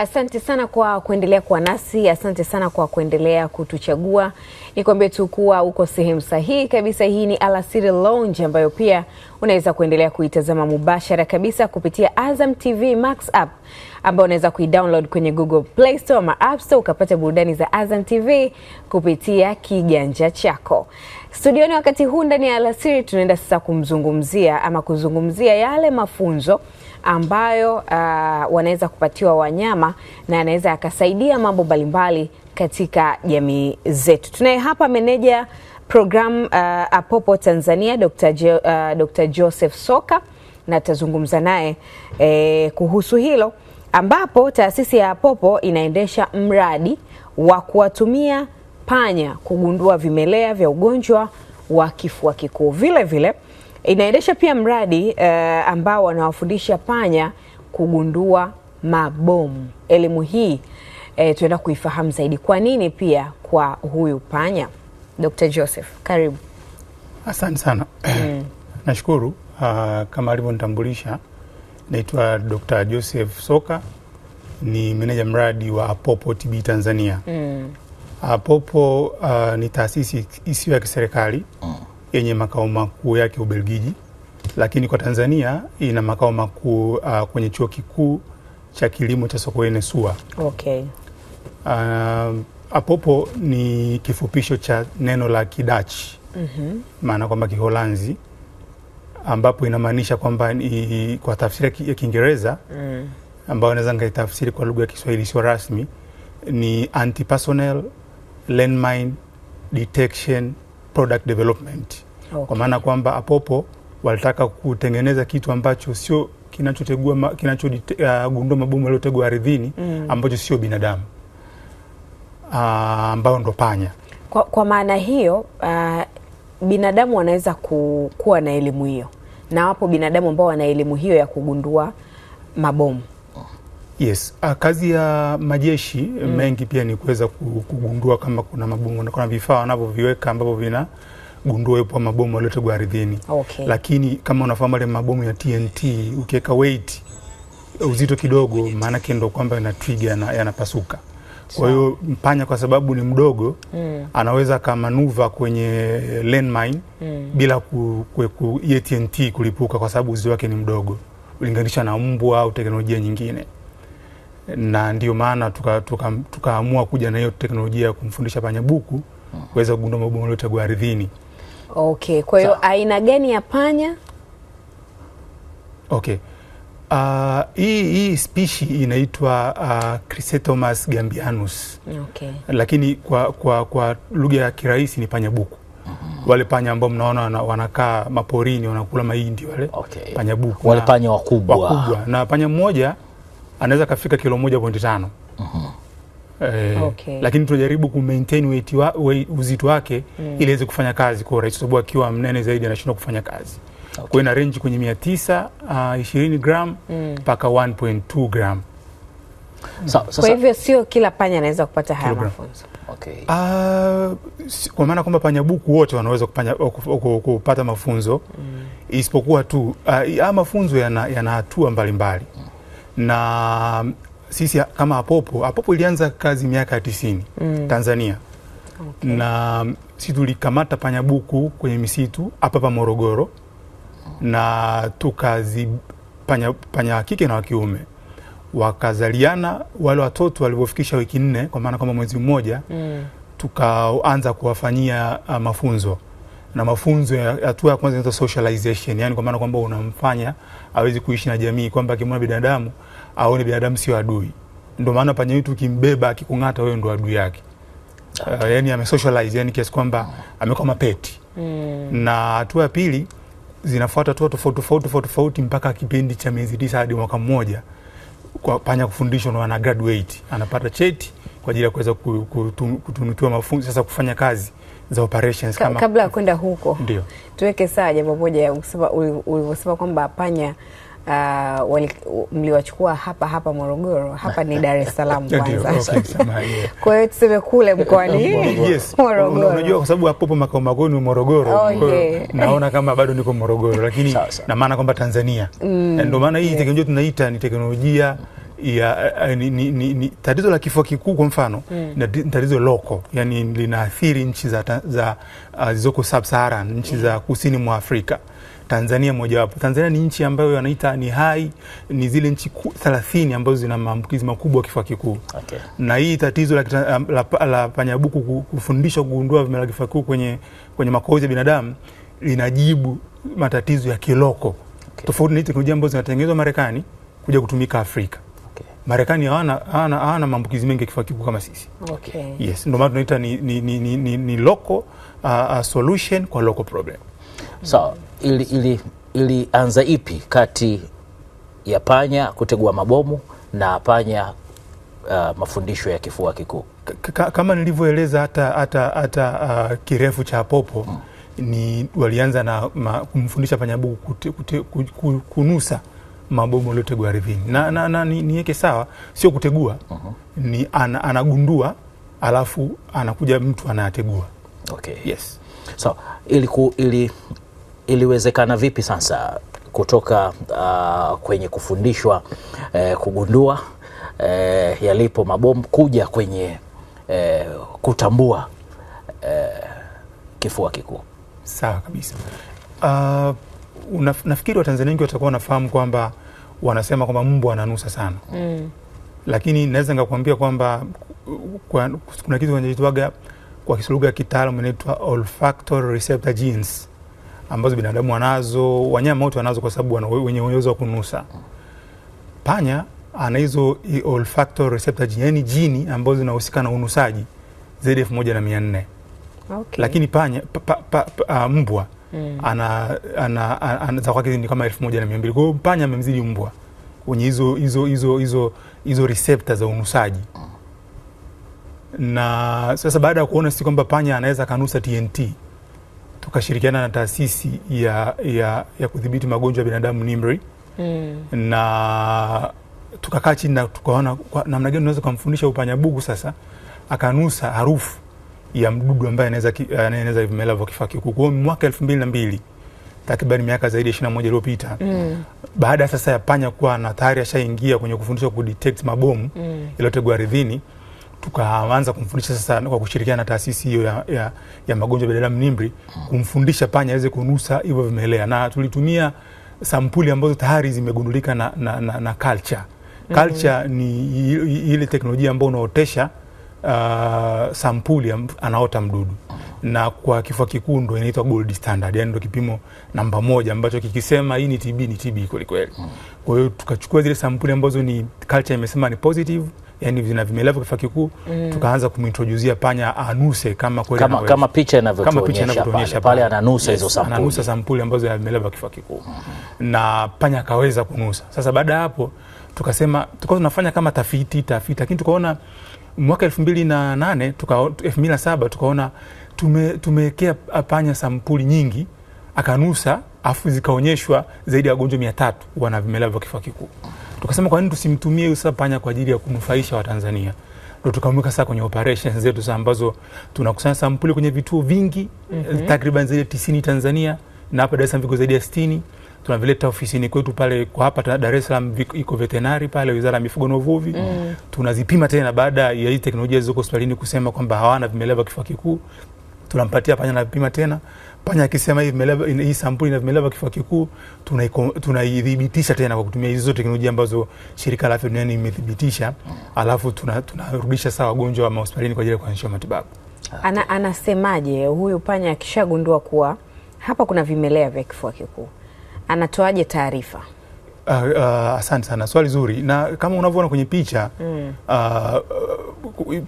Asante sana kwa kuendelea kuwa nasi, asante sana kwa kuendelea kutuchagua. Nikwambie tu kuwa uko sehemu sahihi kabisa. Hii ni Alasiri Lounge ambayo pia unaweza kuendelea kuitazama mubashara kabisa kupitia Azam TV Max app ambayo unaweza kuidownload kwenye Google Play Store ama App Store ukapata burudani za Azam TV kupitia kiganja chako. Studioni wakati huu ndani ya Alasiri tunaenda sasa kumzungumzia ama kuzungumzia yale mafunzo ambayo uh, wanaweza kupatiwa wanyama na yanaweza yakasaidia mambo mbalimbali katika jamii zetu. Tunaye hapa meneja programu uh, Apopo Tanzania Dr. Jo, uh, Dr. Joseph Soka na tutazungumza naye eh, kuhusu hilo ambapo taasisi ya Apopo inaendesha mradi wa kuwatumia panya kugundua vimelea vya ugonjwa wa kifua kikuu. Vile vile inaendesha pia mradi uh, ambao wanawafundisha panya kugundua mabomu. Elimu hii uh, eh, tunaenda kuifahamu zaidi, kwa nini pia kwa huyu panya. Dr. Joseph, karibu. Asante sana mm. Nashukuru uh, kama alivyonitambulisha, naitwa Dr. Joseph Soka, ni meneja mradi wa Apopo TB Tanzania mm. Ah, Popo uh, ni taasisi isiyo ya kiserikali mm. yenye makao makuu yake Ubelgiji, lakini kwa Tanzania ina makao makuu uh, kwenye chuo kikuu cha kilimo cha Sokoine SUA. Okay. Uh, Apopo ni kifupisho cha neno la Kidachi mm -hmm. maana kwamba Kiholanzi, ambapo inamaanisha kwamba ni kwa tafsiri ya Kiingereza mm. ambayo naweza nikaitafsiri kwa lugha ya Kiswahili sio rasmi ni antipersonnel landmine detection product development okay. Kwa maana kwamba APOPO walitaka kutengeneza kitu ambacho sio kinachotegua kinachogundua uh, mabomu yaliyotegwa ardhini mm. ambacho sio binadamu uh, ah, ambayo ndo panya. Kwa, kwa maana hiyo uh, binadamu wanaweza ku, kuwa na elimu hiyo na wapo binadamu ambao wana elimu hiyo ya kugundua mabomu Yes. Ah, kazi ya majeshi mm. mengi pia ni kuweza kugundua kama kuna mabomu na kuna vifaa wanavyoviweka ambavyo vinagundua gundua ipo mabomu yaliyotegwa ardhini. Okay. Lakini kama unafahamu ile mabomu ya TNT ukiweka weight uzito kidogo, maanake ndo kwamba ina trigger na yanapasuka. Kwa hiyo mpanya kwa sababu ni mdogo mm. anaweza akamanuva kwenye landmine mm. bila ku, ku, ku, TNT kulipuka kwa sababu uzito wake ni mdogo ulinganisha na mbwa au teknolojia nyingine na ndio maana tukaamua tuka, tuka kuja na hiyo teknolojia ya kumfundisha panya buku hmm. kuweza kugundua mabomu yote ya ardhini. Okay, kwa hiyo aina gani ya panya? Okay. Uh, hii, hii spishi inaitwa uh, ah, Chrysotomus gambianus. Okay. Lakini kwa, kwa, kwa lugha ya kirahisi ni panya panyabuku. Hmm. Wale panya ambao mnaona wanakaa maporini wanakula mahindi wale. Okay. buku. Wale panya wakubwa. Wakubwa. Na panya mmoja anaweza kafika kilo 1.5. Mhm. tano eh, okay. Lakini tunajaribu ku maintain weight wa, we, uzito wake mm. ili aweze kufanya kazi kwa urahisi, sababu akiwa mnene zaidi anashindwa kufanya kazi okay. Kwa ina range kwenye mia tisa uh, ishirini uh, gram mm. mpaka mm. 1.2 gram So, so, kwa hivyo sio kila panya anaweza kupata haya mafunzo okay. Uh, kwa maana kwamba panya buku wote wanaweza kupanya, uh, kupata mafunzo mm. isipokuwa tu uh, haya mafunzo yana, yana hatua mbalimbali mm na sisi kama Apopo, Apopo ilianza kazi miaka ya tisini mm. Tanzania okay. na sisi tulikamata panyabuku kwenye misitu hapa pa Morogoro na tukazi panya, panya kike na wakiume wakazaliana wale watoto walivyofikisha wiki nne, kwa maana kwamba mwezi mmoja mm. tukaanza kuwafanyia uh, mafunzo na mafunzo ya hatua ya kwanza inaitwa socialization, yani kwa maana kwamba unamfanya awezi kuishi na jamii, kwamba akimwona binadamu aone binadamu sio adui. Ndio maana panya mtu ukimbeba akikung'ata, wewe ndo adui yake. Okay. Uh, yani amesocialize yani kiasi kwamba amekuwa mapeti. Mm. Na hatua ya pili zinafuata tu tofauti tofauti tofauti tofauti mpaka kipindi cha miezi tisa hadi mwaka mmoja kwa panya kufundishwa na ana graduate, anapata cheti kwa ajili ya kuweza kutunukiwa mafunzo sasa kufanya kazi za operations. Ka, kama kabla ya kwenda huko, ndio tuweke saa jambo moja ulivyosema kwamba panya uh, mliwachukua hapa hapa Morogoro. Hapa ni Dar es Salaam kwanza. Kwa hiyo tuseme kule mkoani Morogoro. Unajua, kwa sababu apopo makao makuu ni Morogoro. Oh, naona kama bado niko Morogoro, lakini na maana kwamba Tanzania, mm. ndio maana hii teknolojia tunaita ni teknolojia ya eh, ni, ni, ni, ni, tatizo la kifua kikuu kwa mfano mm. ni tatizo loko, yani linaathiri nchi za, za uh, zilizoko sub-Saharan, nchi mm. za hmm. kusini mwa Afrika. Tanzania mojawapo. Tanzania ni nchi ambayo wanaita ni hai, ni zile nchi 30 ambazo zina maambukizi makubwa kifua kikuu okay. na hii tatizo la, la, la, la Panyabuku kufundishwa kugundua vimelea kifua kikuu kwenye, kwenye makohozi ya binadamu linajibu matatizo ya kiloko okay. tofauti na teknolojia ambazo zinatengenezwa Marekani kuja kutumika Afrika. Marekani hawana maambukizi mengi ya kifua kikuu kama sisi. Okay. Yes, ndio maana tunaita ni, ni, ni, ni, ni local uh, uh, solution kwa local problem. Sawa, so, ili, ili, ilianza ipi kati ya panya kutegua mabomu na panya uh, mafundisho ya kifua kikuu? Kama nilivyoeleza hata, hata, hata uh, kirefu cha popo hmm. Ni walianza na ma, kumfundisha panya kunusa mabomu yaliyotegwa ardhini na, na, na niweke ni sawa, sio kutegua uh -huh. ni an, anagundua alafu anakuja mtu anayategua. Okay. Yes. So, iliku, ili, iliwezekana vipi sasa kutoka uh, kwenye kufundishwa eh, kugundua eh, yalipo mabomu kuja kwenye eh, kutambua eh, kifua kikuu? Sawa kabisa. Uh, unaf, nafikiri Watanzania wengi watakuwa wanafahamu kwamba wanasema kwamba mbwa ananusa sana mm. Lakini naweza nikakwambia kwamba kwa, kuna kitu kinachoitwaga kwa kisulugha kitaalamu inaitwa olfactory receptor genes ambazo binadamu wanazo, wanyama wote wanazo, kwa sababu wana wenye uwezo wa kunusa. Panya ana hizo olfactory receptor gene, yani jini ambazo zinahusika na unusaji zaidi ya elfu moja na mia nne okay. Lakini panya pa, pa, pa, uh, mbwa mm. ana, ana, ana, za kwake ni kama elfu moja na mia mbili. Kwa hiyo panya amemzidi mbwa kwenye hizo hizo hizo hizo hizo receptor za unusaji na sasa baada ya kuona sisi kwamba panya anaweza kanusa TNT, tukashirikiana na taasisi ya, ya, ya kudhibiti magonjwa ya binadamu NIMRI mm. na tukakaa chini na tukaona namna gani unaweza kumfundisha upanya bugu sasa akanusa harufu ya mdudu ambaye anaweza eh, anaeneza vimelea vya kifua kikuu. Kwa hiyo mwaka elfu mbili na mbili takriban miaka zaidi ya ishirini na moja iliyopita mm. baada sasa ya panya kuwa na tayari ashaingia kwenye kufundishwa kudetect mabomu mm. yaliyotegwa ardhini tukaanza kumfundisha sasa kwa kushirikiana na taasisi hiyo ya, ya, ya magonjwa binadamu NIMRI kumfundisha panya aweze kunusa hivyo vimelea, na tulitumia sampuli ambazo tayari zimegundulika na, na, na, na culture. Mm-hmm. Culture mm -hmm. ni ile teknolojia ambayo unaotesha uh, sampuli anaota mdudu na kwa kifua kikuu ndo inaitwa gold standard, yani ndo kipimo namba moja ambacho kikisema hii ni TB ni TB kweli kweli. Kwa hiyo tukachukua zile sampuli ambazo ni culture imesema ni positive, yani vina vimelea vya kifua kikuu mm. tukaanza kumintroduzia panya anuse kama kweli kama, kama picha inavyotuonyesha pale, pale ananusa hizo yes, sampuli ananusa sampuli ambazo ya vimelea vya kifua kikuu mm. na panya akaweza kunusa. Sasa baada ya hapo tukasema, tukao tunafanya kama tafiti tafiti, lakini tukaona mwaka elfu mbili na nane elfu mbili na saba tukaona tumewekea tume panya sampuli nyingi akanusa afu zikaonyeshwa zaidi ya wagonjwa mia tatu wana vimelea vya kifua kikuu. Tukasema kwa nini tusimtumie sasa panya kwa ajili ya kunufaisha Watanzania? Ndo tukamweka sasa kwenye operations zetu sasa ambazo tunakusanya sampuli kwenye vituo vingi mm -hmm. takriban zaidi ya tisini Tanzania na hapa Dar es Salaam viko zaidi ya sitini tunavileta ofisini kwetu pale kwa hapa Dar es Salaam, iko veterinary pale Wizara ya Mifugo na Uvuvi mm. tunazipima tena baada ya hii teknolojia zilizoko hospitalini kusema kwamba hawana vimelea vya kifua kikuu, tunampatia panya na vipima tena panya akisema hii vimelea hii sampuli na vimelea vya kifua kikuu, tunaidhibitisha tuna tena kwa kutumia hizo teknolojia ambazo shirika la afya duniani imethibitisha, alafu tunarudisha tuna sawa wagonjwa wa hospitalini kwa ajili ya kuanzisha matibabu. Ana, anasemaje huyu panya akishagundua kuwa hapa kuna vimelea vya kifua kikuu? anatoaje taarifa? Uh, uh, asante sana, swali zuri, na kama unavyoona kwenye picha mm. uh,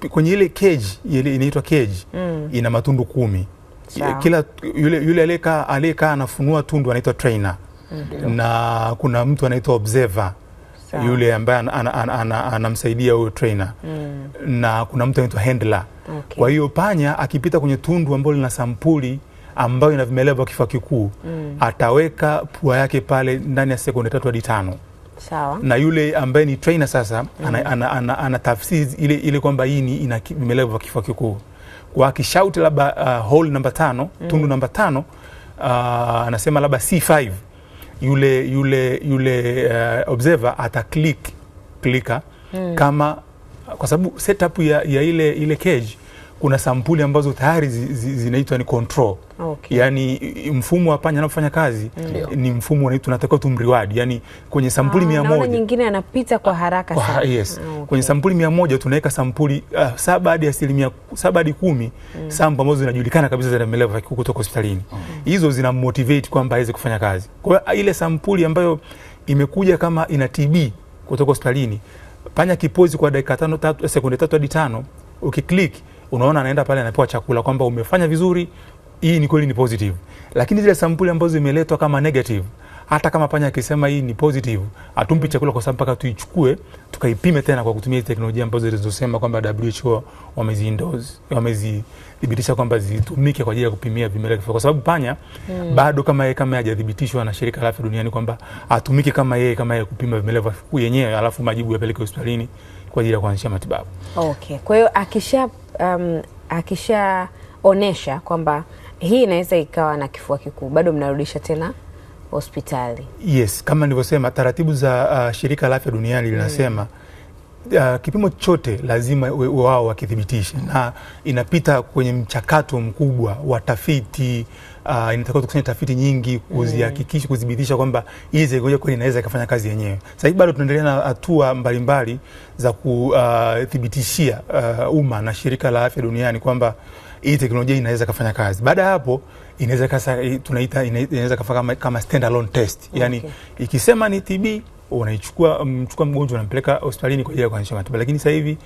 kwenye ile keji ile inaitwa keji mm. ina matundu kumi Sao. Kila yule, yule aliyekaa anafunua tundu anaitwa trainer mm -hmm. na kuna mtu anaitwa observer Sao. yule ambaye anamsaidia ana, ana, ana, ana huyo trainer mm. na kuna mtu anaitwa handler okay. Kwa hiyo panya akipita kwenye tundu ambalo lina sampuli ambayo ina vimelea vya kifua kikuu mm. ataweka pua yake pale ndani ya sekunde tatu hadi tano. Sawa. Na yule ambaye ni trainer sasa mm. ana, ana, ana, ana tafsiri ile, ile kwamba hii ni ina vimelea vya kifua kikuu kwa akishauti labda uh, hole namba tano mm. tundu namba tano uh, anasema labda C5 yule, yule, yule uh, observer ata click clicker mm. kama kwa sababu setup ya, ya ile, ile cage kuna sampuli ambazo tayari zinaitwa ni control. Okay. Yani mfumo wa panya anapofanya kazi mm. ni mfumo unaitwa tunatakiwa tumreward. Yani kwenye sampuli 100 ah, nyingine anapita kwa haraka sana. Kwa, yes. Ah, okay. Kwenye sampuli 100 tunaweka sampuli uh, saba hadi asilimia saba hadi kumi mm. sample ambazo zinajulikana kabisa za malaria kutoka hospitalini. Mm. Hizo zinammotivate kwamba aweze kufanya kazi. Kwa hiyo ile sampuli ambayo imekuja kama ina TB kutoka hospitalini, panya kipozi kwa dakika tano, tatu, sekunde tatu hadi tano ukiklik unaona anaenda pale anapewa chakula kwamba umefanya vizuri, hii ni kweli ni positive. Lakini zile sampuli ambazo zimeletwa kama negative, hata kama panya akisema hii ni positive, atumpi chakula kwa sababu mpaka tuichukue tukaipime tena kwa kutumia teknolojia ambazo zilizosema kwamba WHO wamezi thibitisha kwamba zitumike kwa ajili ya kupimia vimelea vya kwa sababu panya hmm, bado kama yeye kama hajathibitishwa na shirika la afya duniani kwamba atumike kama yeye kama yeye kupima vimelea yenyewe, alafu majibu yapeleke hospitalini kwa ajili ya kuanzisha matibabu. Okay. Kwa hiyo akisha um, akishaonesha kwamba hii inaweza ikawa na kifua kikuu, bado mnarudisha tena hospitali? Yes, kama nilivyosema taratibu za uh, shirika la afya duniani hmm. linasema mm uh, kipimo chote lazima wao wakithibitishe na inapita kwenye mchakato mkubwa wa tafiti uh, inatakiwa tukusanye tafiti nyingi kuzihakikisha, mm. kudhibitisha kwamba hii teknolojia kweli inaweza ikafanya kazi yenyewe. Sasa hivi bado tunaendelea na hatua mbalimbali za kuthibitishia uh, umma uh, na shirika la afya duniani kwamba hii teknolojia inaweza kafanya kazi. Baada ya hapo inaweza kasa tunaita inaweza kafanya kama, kama standalone test, yani okay. ikisema ni TB unaichukua mchukua mm, mgonjwa unampeleka hospitalini kwa ajili ya kuanzisha matibabu, lakini sasa hivi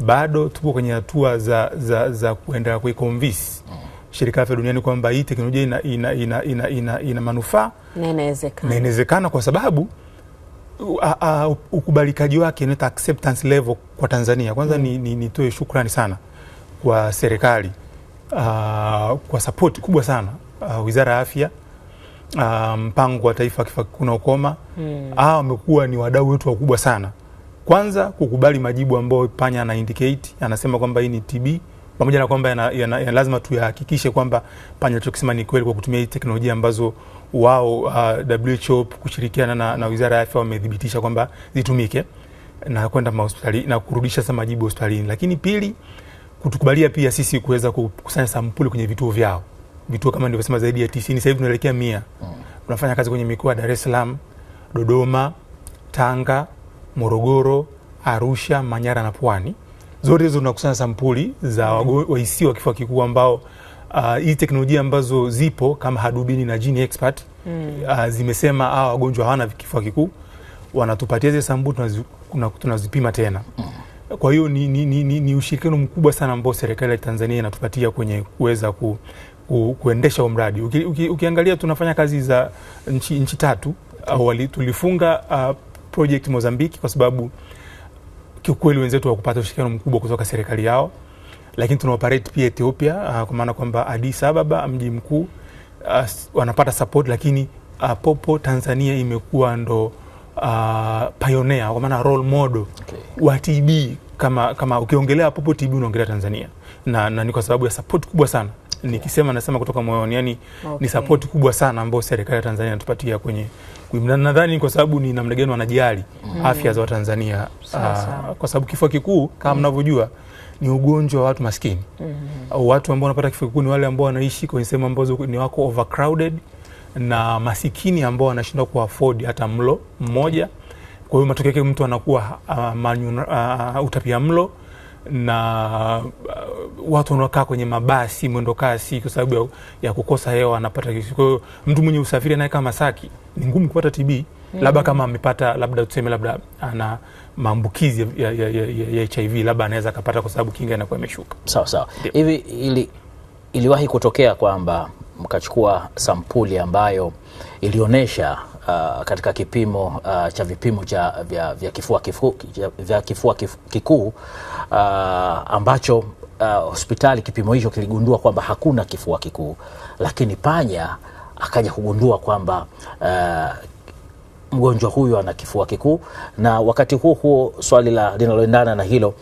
bado tupo kwenye hatua za, za, za kuendelea kuikonvince mm. Shirika la Afya Duniani kwamba hii teknolojia ina, ina, ina, ina, ina, ina manufaa na inawezekana kwa sababu A, uh, a, uh, uh, ukubalikaji wake inaitwa acceptance level kwa Tanzania kwanza mm. Nitoe ni, ni shukrani sana kwa serikali uh, kwa sapoti kubwa sana uh, Wizara ya Afya Ah, mpango um, wa taifa Kifaa Kikuu Ukoma mm. Hawa ah, wamekuwa ni wadau wetu wakubwa sana, kwanza kukubali majibu ambayo panya ana indicate anasema kwamba hii ni TB pamoja na kwamba yana, yana, yana lazima tuyahakikishe kwamba panya alichokisema ni kweli kwa kutumia hii teknolojia ambazo wao uh, ah, WHO kushirikiana na, na Wizara ya Afya wamethibitisha kwamba zitumike na kwenda mahospitali na kurudisha sasa majibu hospitalini, lakini pili kutukubalia pia sisi kuweza kukusanya sampuli kwenye vituo vyao vituo kama nilivyosema zaidi ya tisini, sasa hivi tunaelekea mia. Hmm. Tunafanya kazi kwenye mikoa Dar es Salaam, Dodoma, Tanga, Morogoro, Arusha, Manyara na Pwani. Zote hizo tunakusanya sampuli za hmm. wahisiwa wa kifua kikuu ambao hizi uh, teknolojia ambazo zipo kama Hadubini na Gene Expert mm. uh, zimesema hawa wagonjwa hawana kifua kikuu, wanatupatia zile sampuli tunazipima tena mm. Kwa hiyo ni, ni, ni, ni ushirikiano mkubwa sana ambao serikali ya Tanzania inatupatia kwenye kuweza ku, kuendesha huo mradi. Uki, uki, ukiangalia tunafanya kazi za nchi, nchi tatu. Awali tulifunga uh, project Mozambiki kwa sababu kiukweli wenzetu hawakupata ushirikiano mkubwa kutoka serikali yao, lakini tuna operate pia Ethiopia uh, kwa maana kwamba Addis Ababa mji mkuu uh, wanapata support, lakini uh, Popo Tanzania imekuwa ndo uh, pioneer kwa maana role model okay, wa TB kama kama ukiongelea Popo TB unaongelea Tanzania na, na ni kwa sababu ya support kubwa sana nikisema nasema kutoka moyoni yani okay. Ni sapoti kubwa sana ambayo serikali ya Tanzania inatupatia kwenye nadhani kwa sababu ni namna gani wanajali mm. afya za Watanzania ah, kwa sababu kifua kikuu kama mm. mnavyojua mm. ni ugonjwa wa watu maskini mm. -hmm. watu ambao wanapata kifua kikuu ni wale ambao wanaishi kwenye sehemu ambazo ni wako overcrowded na masikini ambao wanashindwa kuafford hata mlo mmoja. Kwa hiyo matokeo yake mtu anakuwa uh, uh, utapia mlo na uh, watu wanaokaa kwenye mabasi mwendo kasi kwa sababu ya, ya kukosa hewa anapata Kwa hiyo mtu mwenye usafiri anayekaa Masaki ni ngumu kupata TB mm. Mm-hmm. labda kama amepata labda tuseme labda ana maambukizi ya, ya, ya, ya HIV labda anaweza akapata kwa sababu kinga inakuwa imeshuka. Sawa sawa. Hivi ili, iliwahi kutokea kwamba mkachukua sampuli ambayo ilionyesha Uh, katika kipimo uh, cha vipimo cha vya, vya kifua kikuu kifu, kikuu uh, ambacho uh, hospitali kipimo hicho kiligundua kwamba hakuna kifua kikuu, lakini panya akaja kugundua kwamba uh, mgonjwa huyu ana kifua kikuu, na wakati huo huo swali la linaloendana na hilo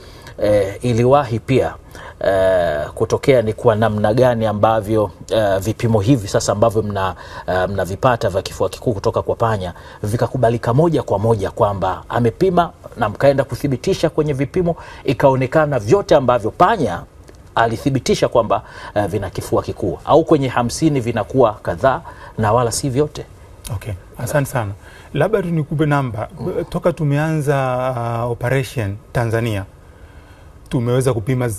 eh, iliwahi pia uh, kutokea ni kwa namna gani ambavyo uh, vipimo hivi sasa ambavyo mna, uh, mnavipata vya kifua kikuu kutoka kwa panya vikakubalika moja kwa moja kwamba amepima na mkaenda kuthibitisha kwenye vipimo ikaonekana vyote ambavyo panya alithibitisha kwamba uh, vina kifua kikuu au kwenye hamsini vinakuwa kadhaa na wala si vyote. Okay. Asante sana, labda tunikupe namba mm. toka tumeanza uh, operation Tanzania tumeweza kupima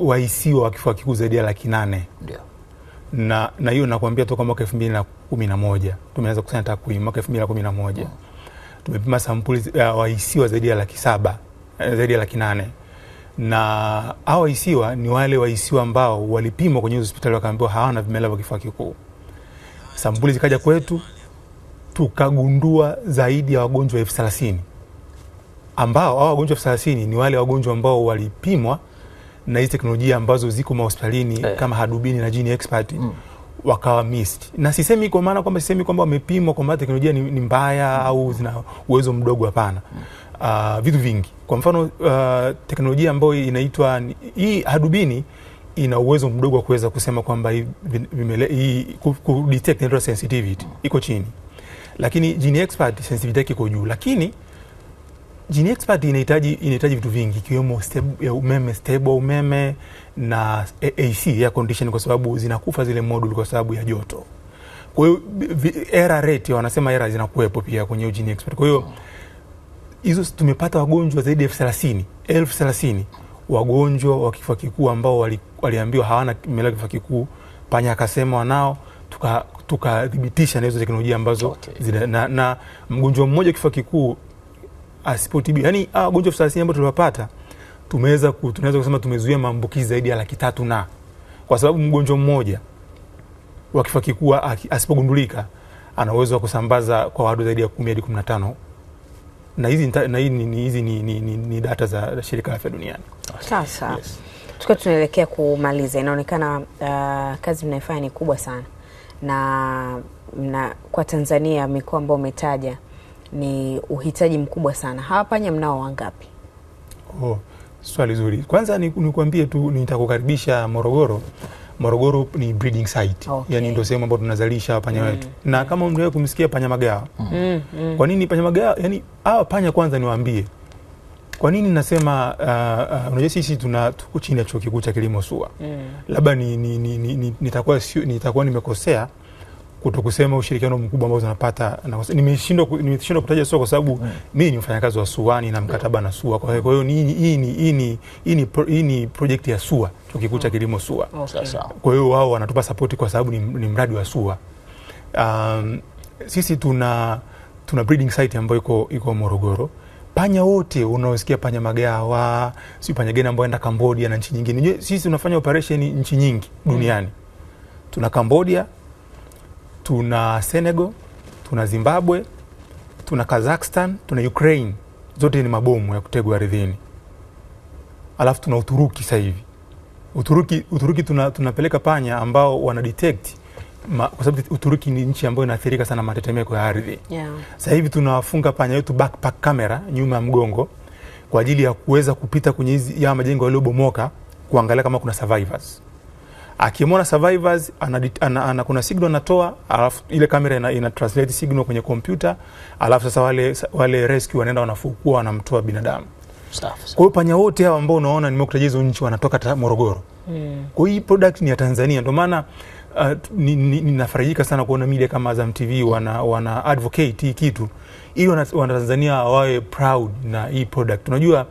wahisiwa wa kifua kikuu zaidi ya laki nane na na hiyo nakuambia toka mwaka elfu mbili na kumi na moja tumeanza kusanya takwimu mwaka elfu mbili na kumi na moja mm. tumepima sampuli uh, wahisiwa zaidi ya laki saba eh, zaidi ya laki nane na hao wahisiwa ni wale wahisiwa ambao walipimwa kwenye hospitali wakaambiwa hawana vimelea vya kifua kikuu. Sampuli zikaja kwetu tukagundua zaidi ya wagonjwa elfu thelathini ambao hao wagonjwa elfu thelathini ni wale wagonjwa ambao walipimwa na hizi teknolojia ambazo ziko mahospitalini yeah. kama hadubini na Gene Expert mm. wakawa missed, na sisemi kwa maana kwamba sisemi kwamba wamepimwa kwa maana teknolojia ni, ni mbaya mm. au zina uwezo mdogo, hapana mm. Uh, vitu vingi kwa mfano uh, teknolojia ambayo inaitwa hii hadubini ina uwezo mdogo wa kuweza kusema kwamba hii ku detect sensitivity mm. iko chini, lakini Gene Expert sensitivity yake iko juu, lakini expert inahitaji inahitaji vitu vingi ikiwemo ya umeme stable umeme na AC ya condition, kwa sababu zinakufa zile module kwa sababu ya joto. Kwa hiyo error rate wanasema error zinakuwepo pia kwenye expert. Kwa hiyo hizo tumepata wagonjwa zaidi ya 30,000, thelathini elfu wagonjwa wa kifua kikuu ambao wali, waliambiwa hawana melea kifua kikuu, panya akasema wanao tukathibitisha tuka na hizo teknolojia ambazo okay. zina, na, na mgonjwa mmoja kifua kikuu asipotibiwa. Ah, yaani hawa ah, wagonjwa elfu thelathini ambao tuliwapata tumeweza tunaweza kusema tumezuia maambukizi zaidi ya laki tatu na kwa sababu mgonjwa mmoja wa kifua kikuu ah, asipogundulika ana uwezo wa kusambaza kwa watu zaidi ya kumi hadi kumi na tano na hizi na hizi ni, ni, ni, ni, ni data za shirika la afya duniani. Sasa yes. Tukiwa tunaelekea kumaliza, inaonekana uh, kazi mnaefanya ni kubwa sana na, na kwa Tanzania mikoa ambayo umetaja ni uhitaji mkubwa sana. Hawa panya mnao wangapi? Oh, swali zuri. Kwanza nikuambie ni tu nitakukaribisha Morogoro. Morogoro ni breeding site. Okay. Yaani ndio sehemu ambayo tunazalisha panya mm. wetu. Na kama umewahi kumsikia panya magawa. Mm. Mm. Kwa nini panya magawa? Yaani hawa panya kwanza niwaambie. Kwa nini nasema uh, uh, unajua sisi tuna tuko chini ya chuo kikuu cha kilimo SUA. Mm. Labda ni, ni, ni, ni, nitakuwa nitakuwa nimekosea kuto kusema ushirikiano mkubwa ambao zinapata. Nimeshindwa nimeshindwa kutaja sio kwa sababu mm. mimi ni mfanyakazi wa SUA na mkataba na SUA, kwa hiyo ni hii ni hii hii ni ni project ya SUA, chuo kikuu cha hmm. kilimo SUA. Okay. Kwa hiyo wao wanatupa support kwa sababu ni, ni mradi wa SUA. Um, sisi tuna tuna breeding site ambayo iko iko Morogoro. Panya wote unaosikia panya magawa, si panya gani ambao anaenda Cambodia na nchi nyingine. Sisi tunafanya operation nchi nyingi hmm. duniani. mm. Tuna Cambodia, tuna Senegal, tuna Zimbabwe, tuna Kazakhstan, tuna Ukraine, zote ni mabomu ya kutegwa ardhini. Alafu tuna Uturuki sasa hivi. Uturuki, Uturuki tuna, tunapeleka panya ambao wana detect kwa sababu Uturuki ni nchi ambayo inaathirika sana matetemeko ya ardhi. Yeah. Sasa hivi tunawafunga panya wetu backpack camera nyuma ya mgongo kwa ajili ya kuweza kupita kwenye hizi ya majengo yaliyobomoka kuangalia kama kuna survivors akimwona survivors ana, ana, ana, kuna signal anatoa, alafu ile kamera ina, ina translate signal kwenye kompyuta, alafu sasa wale, wale rescue wanaenda wanafukua wanamtoa binadamu. Kwa hiyo panya wote hawa ambao unaona nimekutajia hizo nchi wanatoka Morogoro. Mm. Kwa hiyo product ni ya Tanzania ndio maana uh, ni, ni sana kuona media kama Azam TV wana, wana advocate hii kitu ili Wanatanzania wawe proud na hii product. Unajua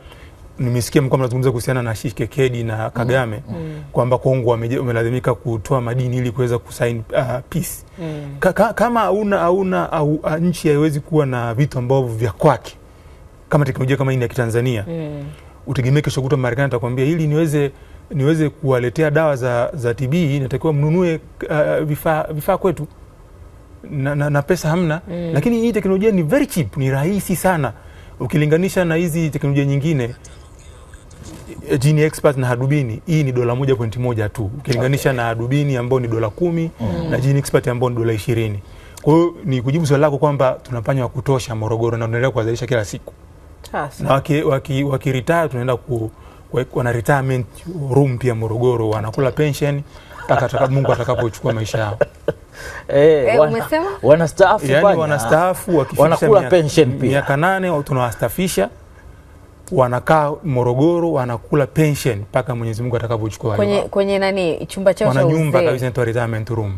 nimesikia mko mnazungumza kuhusiana na Tshisekedi na mm. Kagame mm. mm. kwamba Kongo wamelazimika kutoa madini ili kuweza kusaini uh, peace mm. ka, ka, kama auna auna au, uh, nchi haiwezi kuwa na vitu ambavyo vya kwake kama teknolojia kama hii ya Kitanzania mm. utegemee kesho kutwa Marekani atakwambia ili niweze niweze kuwaletea dawa za, za TB natakiwa mnunue uh, vifaa vifaa kwetu na, na, na pesa hamna mm. lakini hii teknolojia ni very cheap, ni rahisi sana ukilinganisha na hizi teknolojia nyingine jini Expert na hadubini hii ni dola moja pointi moja tu ukilinganisha okay, na hadubini ambao ni dola kumi mm, na jini Expert ambao ni dola ishirini. Kwa hiyo ni kujibu swali lako kwamba tuna panya wa kutosha Morogoro na tunaendelea kuwazalisha kila siku Asa. na waki, waki, waki tunaenda ku, wana retirement room pia Morogoro wanakula pensheni mpaka Mungu atakapochukua maisha yao. Eh, eh wanastaafu yaani wanakula pensheni pia miaka nane tunawastafisha wanakaa Morogoro wanakula pension mpaka Mwenyezi Mungu atakapochukua kwenye, kwenye nani chumba chao cha wana Nyumba kabisa inaitwa retirement room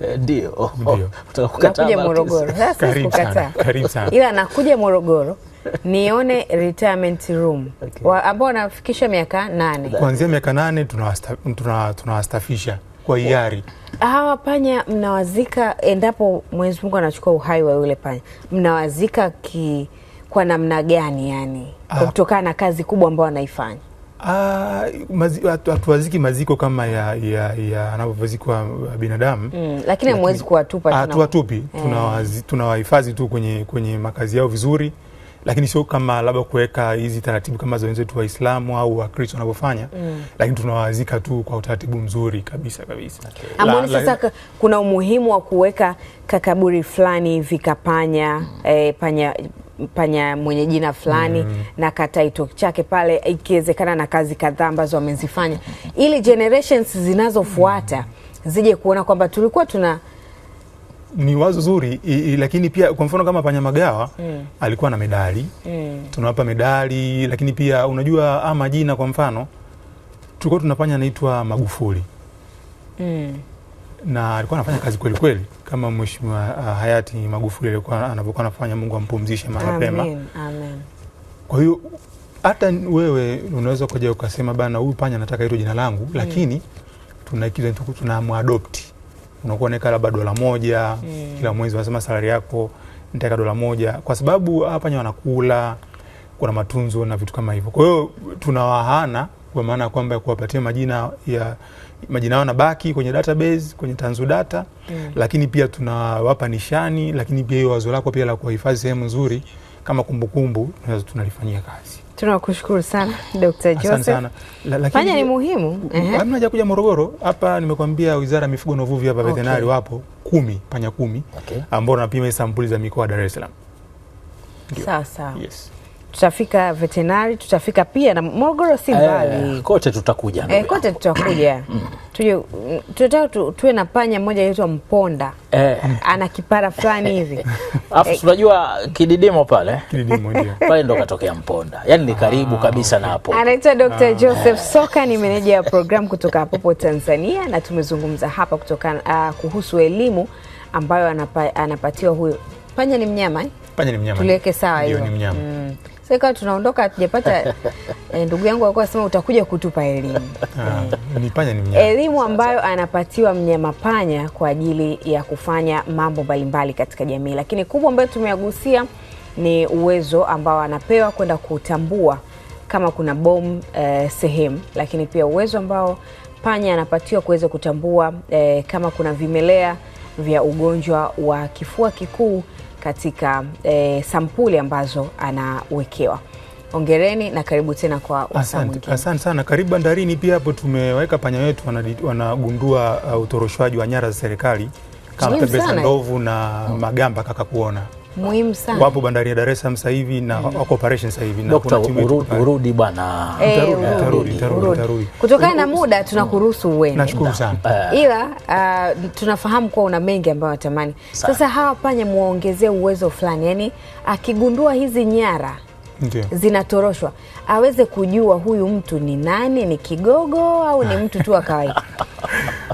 eh, ndio Utakukataa Morogoro sasa, sikukataa ila nakuja Morogoro nione retirement room okay. ambao wanafikisha miaka nane kuanzia miaka nane tunawastafisha tuna, tuna kwa hiari hawa panya mnawazika endapo Mwenyezi Mungu anachukua uhai wa yule panya mnawazika ki kwa namna gani yani, ah. kutokana na kazi kubwa ambayo wanaifanya Hatuwaziki ah, maziko kama ya, ya, ya anavyozikwa uh, binadamu mm, lakini hamwezi kuwatupa, hatuwatupi, ah, eh. tunawahifadhi tu kwenye, kwenye makazi yao vizuri, lakini sio kama labda kuweka hizi taratibu kama za wenzetu Waislamu au Wakristo wanavyofanya mm. Lakini tunawazika tu kwa utaratibu mzuri kabisa kabisa. Okay. Amoni, sasa kuna umuhimu wa kuweka kakaburi fulani hivi kapanya mm. eh, panya panya mwenye jina fulani mm. na kataito chake pale, ikiwezekana na kazi kadhaa ambazo wamezifanya, ili generations zinazofuata zije kuona kwamba tulikuwa tuna ni wazo zuri i, i, lakini pia kwa mfano kama Panya Magawa mm. alikuwa na medali mm. tunawapa medali, lakini pia unajua ama jina, kwa mfano tulikuwa tunapanya anaitwa Magufuli mm na alikuwa anafanya kazi kweli kweli kama mheshimiwa uh, hayati Magufuli alikuwa anavyokuwa anafanya. Mungu ampumzishe mahali pema. Amen, Kwa hiyo hata wewe unaweza kuja ukasema bana, huyu panya anataka hilo jina langu, mm. lakini tunamwadopti unakuwa naeka labda dola moja mm. kila mwezi, unasema salari yako nitaweka dola moja, kwa sababu hapa panya wanakula, kuna matunzo na vitu kama hivyo. Kwa hiyo tunawahana kwa maana kwamba kuwapatia majina ya majina yao nabaki kwenye database kwenye tanzu data mm. Lakini pia tunawapa nishani, lakini pia hiyo wazo lako pia la kuhifadhi sehemu nzuri kama kumbukumbu tunalifanyia kazi. Tunakushukuru sana Dr. Joseph. Sana. La, fanya ni muhimu. Naja kuja Morogoro hapa, nimekwambia Wizara ya Mifugo na Uvuvi hapa veterinari Wapo kumi panya kumi okay. ambao wanapima sampuli za mikoa Dar es Salaam. Sawa sawa. Yes tutafika veterinary, tutafika pia na Morogoro si mbali. kote tutakuja. Eh, kote tutakuja. Eh, mm. Tuje tunataka tu, tuwe na panya mmoja anaitwa Mponda. Eh. Ana kipara fulani hivi. Alafu eh. tunajua kididimo pale. Kididimo ndio. Pale ndo katokea Mponda. yani ni karibu ah, kabisa na hapo. Anaitwa Dr. Ah. Joseph Soka ni meneja ya program kutoka hapo Tanzania na tumezungumza hapa kutoka uh, kuhusu elimu ambayo anapa, anapatiwa huyo. Panya ni mnyama eh? Panya ni mnyama. Tuliweke sawa hiyo. ni mnyama. Mm. Sasa tunaondoka tujapata e, ndugu yangu alikuwa asema utakuja kutupa elimu e, elimu ambayo anapatiwa mnyama panya kwa ajili ya kufanya mambo mbalimbali katika jamii, lakini kubwa ambayo tumeagusia ni uwezo ambao anapewa kwenda kutambua kama kuna bomu e, sehemu, lakini pia uwezo ambao panya anapatiwa kuweza kutambua e, kama kuna vimelea vya ugonjwa wa kifua kikuu katika e, sampuli ambazo anawekewa. Ongereni na karibu tena kwa wasaa Asante sana, karibu bandarini. Pia hapo tumeweka panya wetu wanagundua uh, utoroshwaji wa nyara za serikali kama pembeza ndovu na hmm, magamba kaka kuona muhimu sana. Wapo bandari ya Dar es Salaam sasa hivi na mm. wako operation sasa hivi na kuna timu urudi bwana. Tarudi tarudi tarudi. Kutokana na muda tunakuruhusu uende. Nashukuru sana. Eh. Ila uh, tunafahamu kuwa una mengi ambayo natamani. Sasa hawa panya muongezee uwezo fulani. Yaani akigundua hizi nyara Ndiyo. zinatoroshwa aweze kujua huyu mtu ni nani, ni kigogo au ni ah. mtu tu wa kawaida